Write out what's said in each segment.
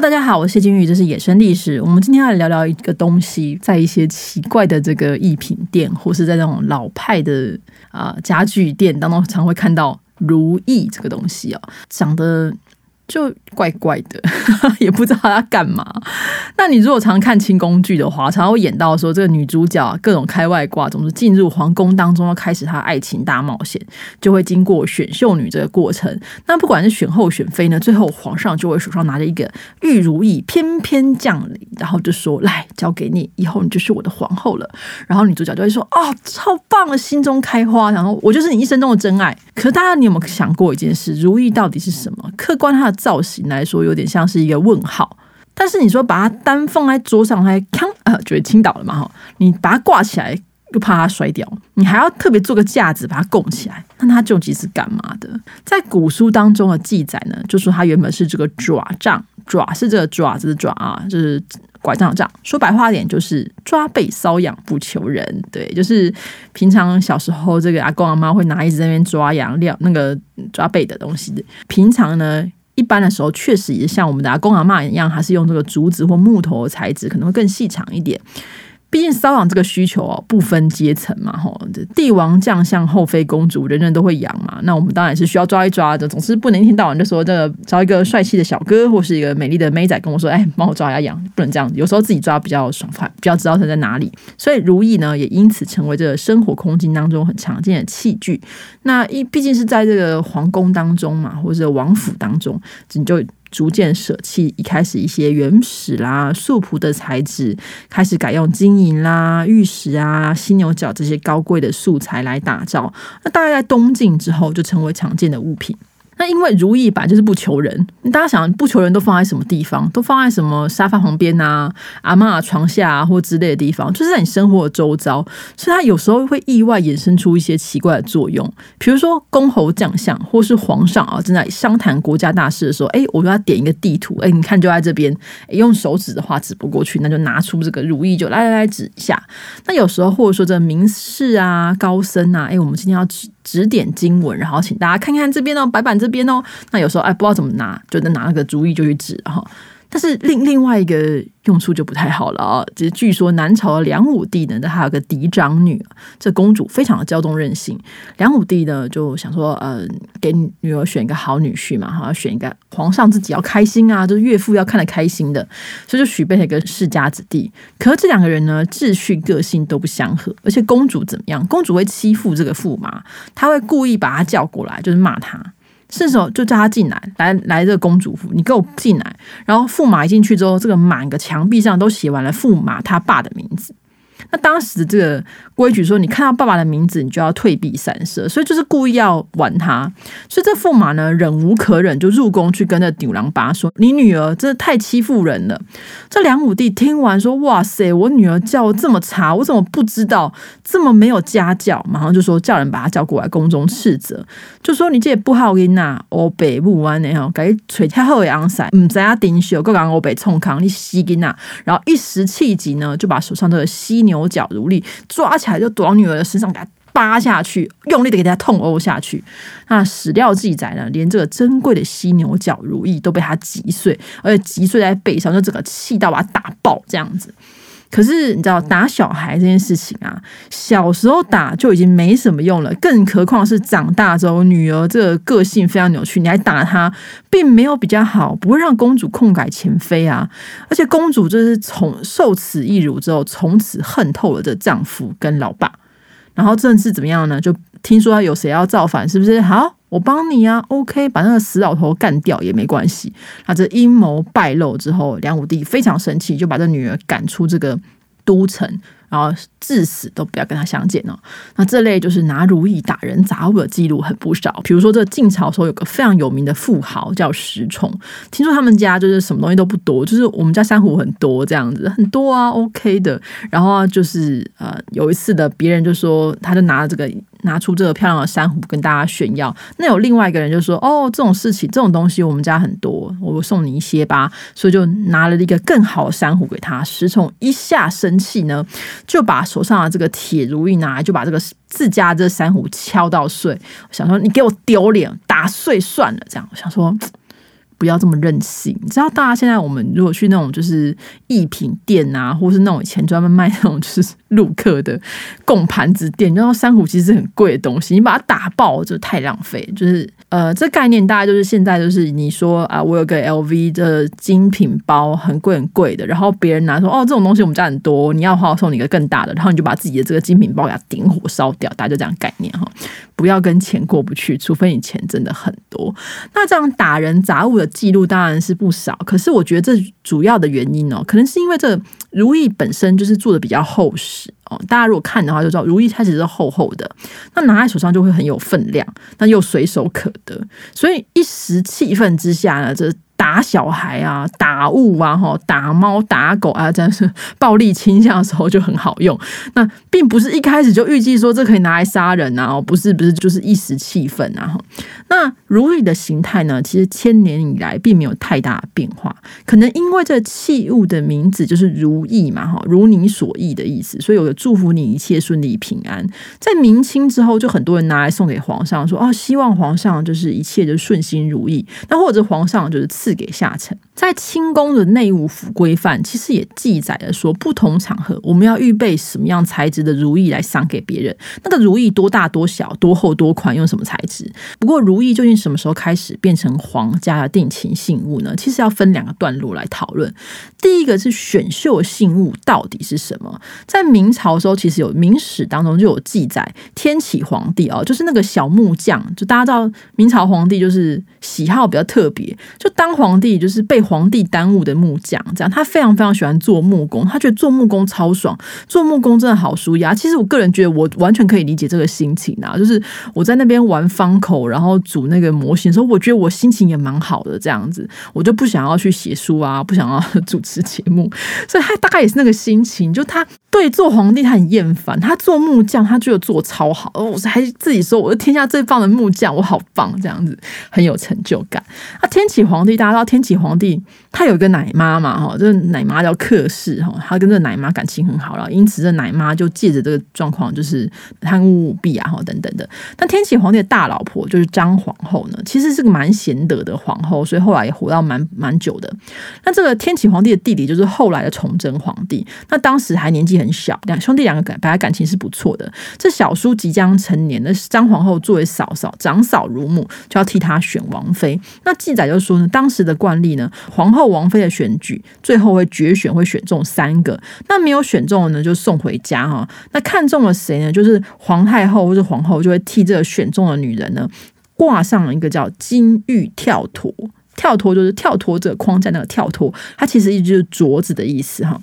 大家好，我是謝金魚，這是野生歷史。我們今天要聊聊一個東西，在一些奇怪的這個藝品店，或是在那種老派的啊、呃、家具店當中，常會看到如意這個東西啊、哦，長得。就怪怪的， 也不知道他幹嘛。那你如果常看清宮劇的話，常常會演到說這個女主角各種開外掛，總之進入皇宮當中要開始她愛情大冒險，就會經過選秀女這個過程。那不管是選後選妃呢，最後皇上就會手上拿着一個玉如意，翩翩降臨，然後就說：“來，交給你，以後你就是我的皇後了。”然後女主角就會說：“啊、哦，超棒的，的心中開花，然後我就是你一生中的真愛。”可是大家，你有沒有想過一件事？如意到底是什麼？客觀它的。造型來說有點像是一個問號，但是你說把它單放在桌上來，它、呃、鏘，就會傾倒了嘛哈。你把它掛起來又怕它摔掉，你還要特別做個架子把它供起來，那它究竟是幹嘛的？在古書當中的記載呢，就說它原本是這個爪杖，爪是這個爪子的爪啊，就是拐杖杖。說白話點就是抓背搔癢不求人。對，就是平常小時候這個阿公阿媽會拿一支在那邊抓癢，料那個抓背的東西，平常呢。一般的時候，確實也像我們的阿公阿嬤一樣，還是用這個竹子或木頭的材質，可能會更細長一點。畢竟，搔癢這個需求哦，不分階層嘛，吼，帝王將相、後妃公主，人人都會癢嘛。那我們當然是需要抓一抓的，總是不能一天到晚就說這個找一個帥氣的小哥或是一個美麗的妹仔跟我說，哎，幫我抓一下癢，不能這樣。有時候自己抓比較爽快，比較知道它在哪裡。所以，如意呢，也因此成為這個生活空間當中很常見的器具。那一畢竟是在這個皇宮當中嘛，或者是王府當中，你就。逐漸捨棄一開始一些原始啦、素樸的材質，開始改用金銀啦、玉石啊、犀牛角這些高貴的素材來打造。那大概在東晉之後，就成為常見的物品。那因為如意板就是不求人，你大家想不求人都放在什麼地方？都放在什麼沙發旁邊啊、阿嬤、啊、床下啊，或之類的地方，就是在你生活的周遭。所以它有時候會意外衍生出一些奇怪的作用，比如說公侯將相或是皇上啊，正在商談國家大事的時候，哎、欸，我們要點一個地圖，哎、欸，你看就在這邊、欸，用手指的話指不過去，那就拿出這個如意，就來來來指一下。那有時候或者說這名士啊、高僧啊，哎、欸，我們今天要指指點經文，然後請大家看看這邊的、哦、白板這。這邊哦，那有時候哎，不知道怎麼拿，就拿個如意就去指。哈。但是另另外一個用處就不太好了啊、哦。只是據說南朝的梁武帝呢，他有個嫡長女，這個、公主非常的驕縱任性。梁武帝呢就想說，呃，給女兒選一個好女婿嘛，哈，選一個皇上自己要開心啊，就是岳父要看得開心的，所以就許配一個世家子弟。可是這兩個人呢，秩序個性都不相合，而且公主怎麼樣？公主會欺負這個駙馬，她會故意把他叫過來，就是罵他。順手就叫他進來，來來這公主府，你給我進來。然後駙馬一進去之後，這個滿個牆壁上都寫完了駙馬他爸的名字。那當時的這個規矩說，你看到爸爸的名字，你就要退避三舍，所以就是故意要玩他。所以這駙馬呢，忍無可忍，就入宮去跟這牛郎拔說：“你女兒真的太欺負人了。”這梁武帝聽完說：“哇塞，我女兒教的這麼差，我怎麼不知道這麼沒有家教？”馬上就說叫人把他叫過來宮中斥責，就說：“你這不好音那，我北部灣的哈，給垂太後昂山，嗯，在他頂秀各講我北沖康你西給那。然後一時氣急呢，就把手上的犀牛。牛角如意抓起來就躲到女兒的身上，給她扒下去，用力的給她痛毆下去。那史料記載呢，連這個珍貴的犀牛角如意都被他擊碎，而且擊碎在背上，就整個氣到把她打爆，這樣子。可是你知道打小孩這件事情啊，小時候打就已經沒什麼用了，更何況是長大之後女兒這個個性非常扭曲，你還打她，並沒有比較好，不會讓公主痛改前非啊。而且公主就是從受此一辱之後，從此恨透了這丈夫跟老爸。然後甚至怎麼樣呢？就聽說他有誰要造反，是不是？好。我幫你啊，OK，把那個死老頭幹掉也沒關係。他這陰謀敗露之後，梁武帝非常生氣，就把這女兒趕出這個都城。然後至死都不要跟他相見哦。那這類就是拿如意打人砸物的記錄很不少。比如說，這個晉朝時候有個非常有名的富豪叫石崇，聽說他們家就是什麼東西都不多，就是我們家珊瑚很多這樣子，很多啊 OK 的。然後就是呃有一次的，別人就說他就拿了這個拿出這個漂亮的珊瑚跟大家炫耀。那有另外一個人就說哦這種事情這種東西我們家很多，我送你一些吧。所以就拿了一個更好的珊瑚給他，石崇一下生氣呢。就把手上的這個鐵如意拿來，就把這個自家這珊瑚敲到碎。我想說你給我丟臉，打碎算了。這樣，我想說不要這麼任性。你知道，大家現在我們如果去那種就是藝品店啊，或是那種以前專門賣那種就是，路客的供盤子店，你知道珊瑚其實是很貴的東西，你把它打爆就太浪費。就是呃，這概念大概就是現在就是你說啊，我有個 LV 的精品包，很貴很貴的，然後別人拿說哦，這種東西我們家很多，你要的話我送你一個更大的，然後你就把自己的這個精品包給它點火燒掉，大家就這樣概念哈，不要跟錢過不去，除非你錢真的很多。那這樣打人砸物的記錄當然是不少，可是我覺得這主要的原因哦，可能是因為這。如意本身就是做的比較厚實哦，大家如果看的話就知道，如意它其實是厚厚的，那拿在手上就會很有分量，那又隨手可得，所以一時氣憤之下呢，這、就是。打小孩啊，打物啊，吼，打貓打狗啊，這樣是暴力傾向的時候就很好用。那並不是一開始就預計說這可以拿來殺人啊，哦，不是不是，就是一時氣憤啊，吼，那如意的形態呢，其實千年以來並沒有太大的變化。可能因為這器物的名字就是如意嘛，哈，如你所意的意思，所以有個祝福你一切順利平安。在明清之後，就很多人拿來送給皇上說，哦，希望皇上就是一切就順心如意，那或者皇上就是賜賜給下臣，在清宮的內務府規範其實也記載了說，不同場合我們要預備什麼樣材質的如意來賞給別人。那個如意多大多小，多厚多寬，用什麼材質？不過如意究竟什麼時候開始變成皇家的定情信物呢？其實要分兩個段落來討論。第一個是選秀信物到底是什麼？在明朝的時候，其實有《明史》當中就有記載，天啟皇帝哦，就是那個小木匠，就大家知道明朝皇帝就是喜好比較特別，就當。皇帝就是被皇帝耽誤的木匠。這樣他非常非常喜歡做木工，他覺得做木工超爽，做木工真的好舒壓。其實我個人覺得，我完全可以理解這個心情啊，就是我在那邊玩方口，然後組那個模型的時候，我覺得我心情也蠻好的，這樣子我就不想要去寫書啊，不想要主持節目，所以他大概也是那個心情，就他。對，做皇帝他很厭煩，他做木匠他覺得做得超好，我、哦、還自己說我是天下最棒的木匠，我好棒這樣子，很有成就感。那、啊、天啟皇帝，大家知道天啟皇帝。他有一個奶媽嘛，哈，這個奶媽叫客氏，哈，他跟這個奶媽感情很好了，因此這奶媽就借着這個狀況，就是貪污舞弊啊，等等的。那天啟皇帝的大老婆就是張皇後呢，其實是個蠻賢德的皇後，所以後來也活到蠻蠻久的。那這個天啟皇帝的弟弟就是後來的崇禎皇帝，那當時還年紀很小，兩兄弟兩個感本來感情是不錯的。這小叔即將成年，那張皇后作為嫂嫂，長嫂如母，就要替他選王妃。那記載就是說呢，當時的慣例呢，皇後。最後王妃的選舉，最後會決選，會選中三個，那沒有選中的呢，就送回家哈。那看中了誰呢？就是皇太后或者皇後就會替這個選中的女人呢，掛上了一個叫金玉跳脫。跳脫就是跳脫這個框在那個跳脫，它其實一直就是鐲子的意思哈。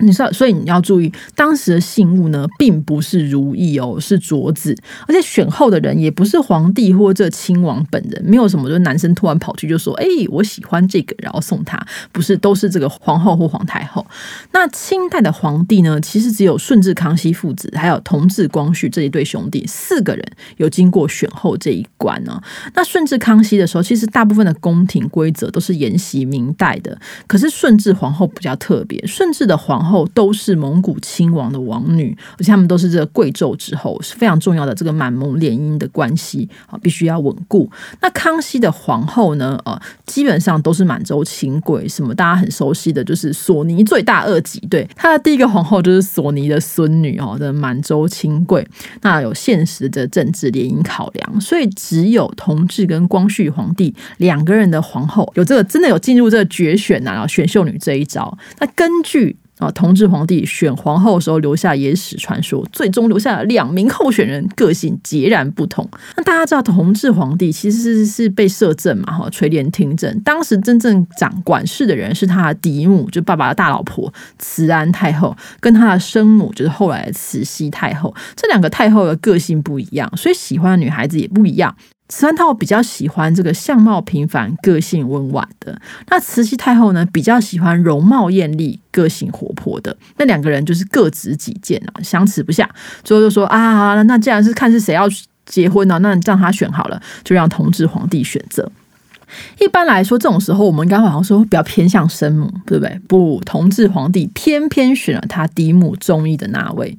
你說，所以你要注意，當時的信物呢，並不是如意哦，是鐲子。而且選後的人也不是皇帝或這親王本人，沒有什麼就是、男生突然跑去就說：“哎、欸，我喜歡這個。”然後送他，不是，都是這個皇后或皇太後。那清代的皇帝呢，其實只有順治、康熙父子，還有同治、光緒這一對兄弟四個人有經過選後這一關呢、哦。那順治、康熙的時候，其實大部分的宮廷規則都是沿襲明代的，可是順治皇后比較特別，順治的皇。然後都是蒙古親王的王女，而且他們都是這個貴胄之後，是非常重要的這個滿蒙聯姻的關係啊，必須要穩固。那康熙的皇後呢？呃，基本上都是滿洲親貴，什麼大家很熟悉的，就是索尼最大二級，對他的第一個皇後就是索尼的孫女哦，的滿洲親貴。那有現實的政治聯姻考量，所以只有同治跟光緒皇帝兩個人的皇後有這個真的有進入這個決選啊，然後選秀女這一招。那根據。啊，同治皇帝選皇後的時候留下野史傳說，最終留下了兩名候選人，個性截然不同。那大家知道，同治皇帝其實是，是被攝政嘛，哈，垂簾聽政。當時真正掌管事的人是他的嫡母，就爸爸的大老婆慈安太後，跟他的生母，就是後來的慈禧太後。這兩個太後的個性不一樣，所以喜歡的女孩子也不一樣。慈安太后比較喜歡這個相貌平凡、個性溫婉的，那慈禧太後呢，比較喜歡容貌艷麗、個性活潑的。那兩個人就是各執己見啊，相持不下，最後就說啊，那既然是看是誰要結婚呢？啊，那你讓他選好了，就讓同治皇帝選擇。一般來說，這種時候我們剛好像說比較偏向生母，對不對？不，同治皇帝偏偏選了他嫡母中意的那位，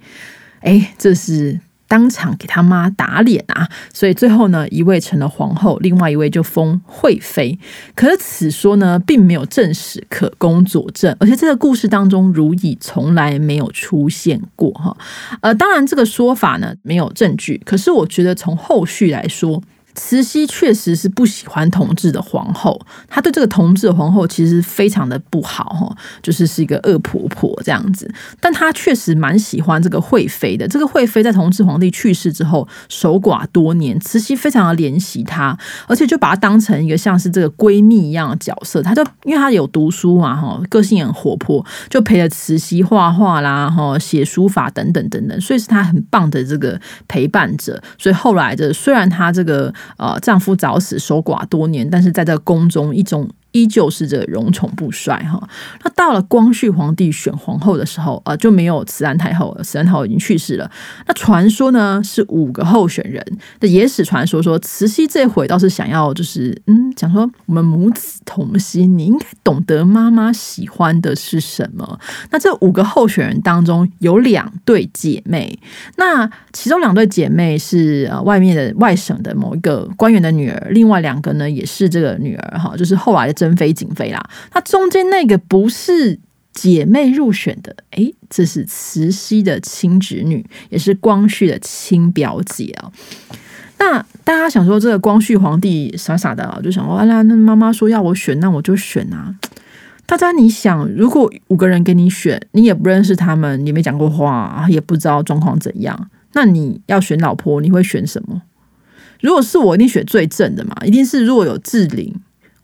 誒、欸、這是。當場給他媽打臉啊！所以最後呢，一位成了皇後，另外一位就封惠妃。可是此說呢，並沒有正史可供佐證，而且這個故事當中，如懿從來沒有出現過哈。呃，當然這個說法呢，沒有證據。可是我覺得從後續來說。慈禧確實是不喜歡同治的皇後，她對這個同治的皇後其實非常的不好哈，就是是一個惡婆婆這樣子。但她確實蠻喜歡這個惠妃的。這個惠妃在同治皇帝去世之後守寡多年，慈禧非常的憐惜她，而且就把她當成一個像是這個閨蜜一樣的角色。她就因為她有讀書嘛、啊、哈，個性也很活潑，就陪着慈禧畫畫啦，哈，寫書法等等等等，所以是她很棒的這個陪伴者。所以後來的雖然她這個。呃，丈夫早死，守寡多年，但是在這宮中，一種。依舊是這榮寵不衰哈。那到了光緒皇帝選皇後的時候，呃，就沒有慈安太后了，慈安太后已經去世了。那傳說呢是五個候選人。那野史傳說說，慈禧這回倒是想要，就是嗯，講說我們母子同心，你應該懂得媽媽喜歡的是什麼。那這五個候選人當中有兩對姐妹，那其中兩對姐妹是呃外面的外省的某一個官員的女兒，另外兩個呢也是這個女兒哈，就是後來的。珍妃、瑾妃啦，他中間那個不是姐妹入選的，哎，這是慈禧的親侄女，也是光緒的親表姐啊、哦。那大家想說，這個光緒皇帝傻傻的，就想說，啊那媽媽說要我選，那我就選啊。大家你想，如果五個人給你選，你也不認識他們，你沒講過話，也不知道狀況怎樣，那你要選老婆，你會選什麼？如果是我，一定選最正的嘛，一定是如果有志玲，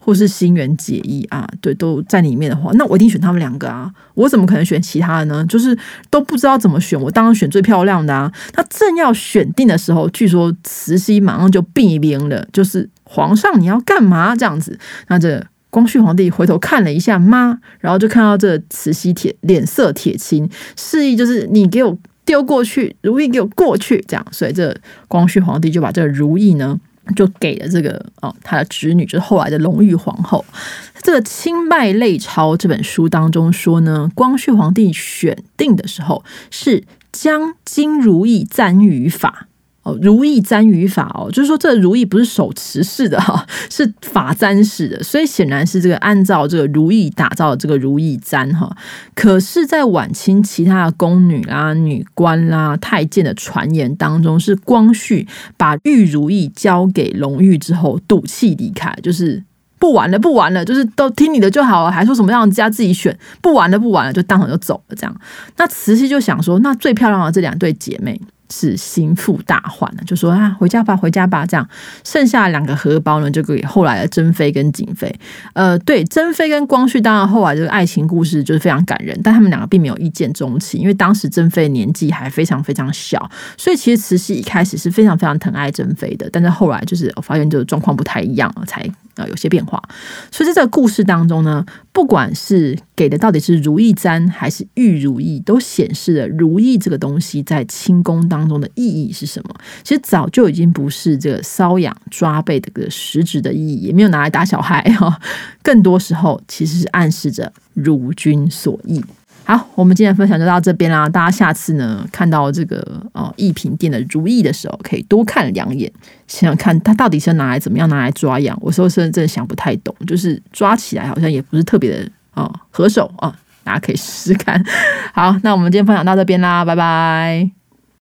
或是新垣結衣啊，對，都在裡面的話，那我一定選他們兩個啊！我怎麼可能選其他的呢？就是都不知道怎麼選，我當然選最漂亮的。啊。他正要選定的時候，據說慈禧馬上就變臉了，就是皇上你要幹嘛這樣子？那這光緒皇帝回頭看了一下媽，然後就看到這慈禧鐵臉色鐵青，示意就是你給我丟過去，如意給我過去這樣。所以這光緒皇帝就把這個如意呢。就給了這個哦，他的侄女就是後來的隆裕皇後。這個《清稗類鈔》這本書當中說呢，光緒皇帝選定的時候是將金如意簪於髮。哦，如意簪語法哦，就是說這如意不是手持式的哈，是髮簪式的，所以顯然是這個按照這個如意打造的這個如意簪哈。可是，在晚清其他的宮女啦、啊、女官啦、啊、太監的傳言當中，是光緒把玉如意交給隆裕之後，賭氣離開，就是不玩了，不玩了，就是都聽你的就好了，還說什麼讓人家自己選，不玩了，不玩了，就當場就走了這樣。那慈禧就想說，那最漂亮的這兩對姐妹是心腹大患了，就說啊，回家吧，回家吧，這樣剩下兩個荷包呢，就給後來的珍妃跟瑾妃。呃，對，珍妃跟光緒當然後來這個愛情故事就是非常感人，但他們兩個並沒有一見鍾情，因為當時珍妃年紀還非常非常小，所以其實慈禧一開始是非常非常疼愛珍妃的，但是後來就是我、哦、發現這個狀況不太一樣了，才。啊、哦，有些變化。所以在這個故事當中呢，不管是給的到底是如意簪還是玉如意，都顯示了如意這個東西在清宮當中的意義是什麼。其實早就已經不是這個搔癢抓背的這個實質的意義，也沒有拿來打小孩，哈。更多時候其實是暗示着如君所意。好，我們今天分享就到這邊啦。大家下次呢看到這個哦、呃、藝品店的如意的時候，可以多看兩眼，想想看它到底是拿來怎麼樣拿來抓癢。我說真的，真的想不太懂，就是抓起來好像也不是特別的哦、呃、合手啊、呃。大家可以試試看。好，那我們今天分享到這邊啦，拜拜。